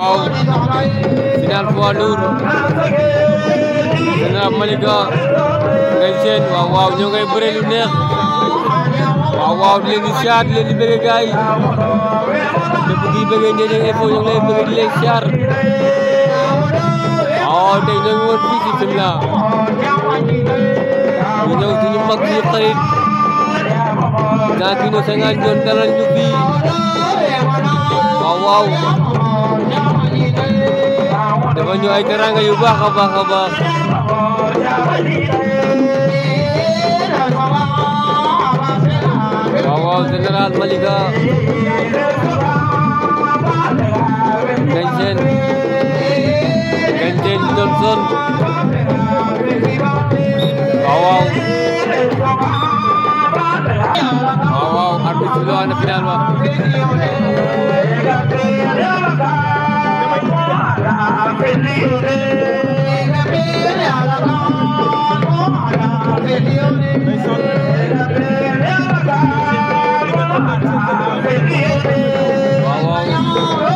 waaw final poids lourd général Malika ngay seen waaw waaw ñoo ngay bëre lu neex waaw waaw di leen di siyaar di leen di bëgg gaay képp kii bëggee Ndiédiène Info ñu ngi lay bëgg di leen siyaar waaw tey ñoo ngi woon fii ci Fimela ñu ñëw suñu mag suñu xarit Gambino 50 Ndione dalal ñu fii waaw waaw Dengan nyoai terang kayu bah kabah kabah. Bawal General Malika. Kenjen. Kenjen Johnson. Bawal. Bawal, Arbi Sulu anak final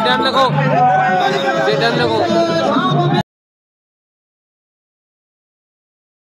डर लगो डर लगो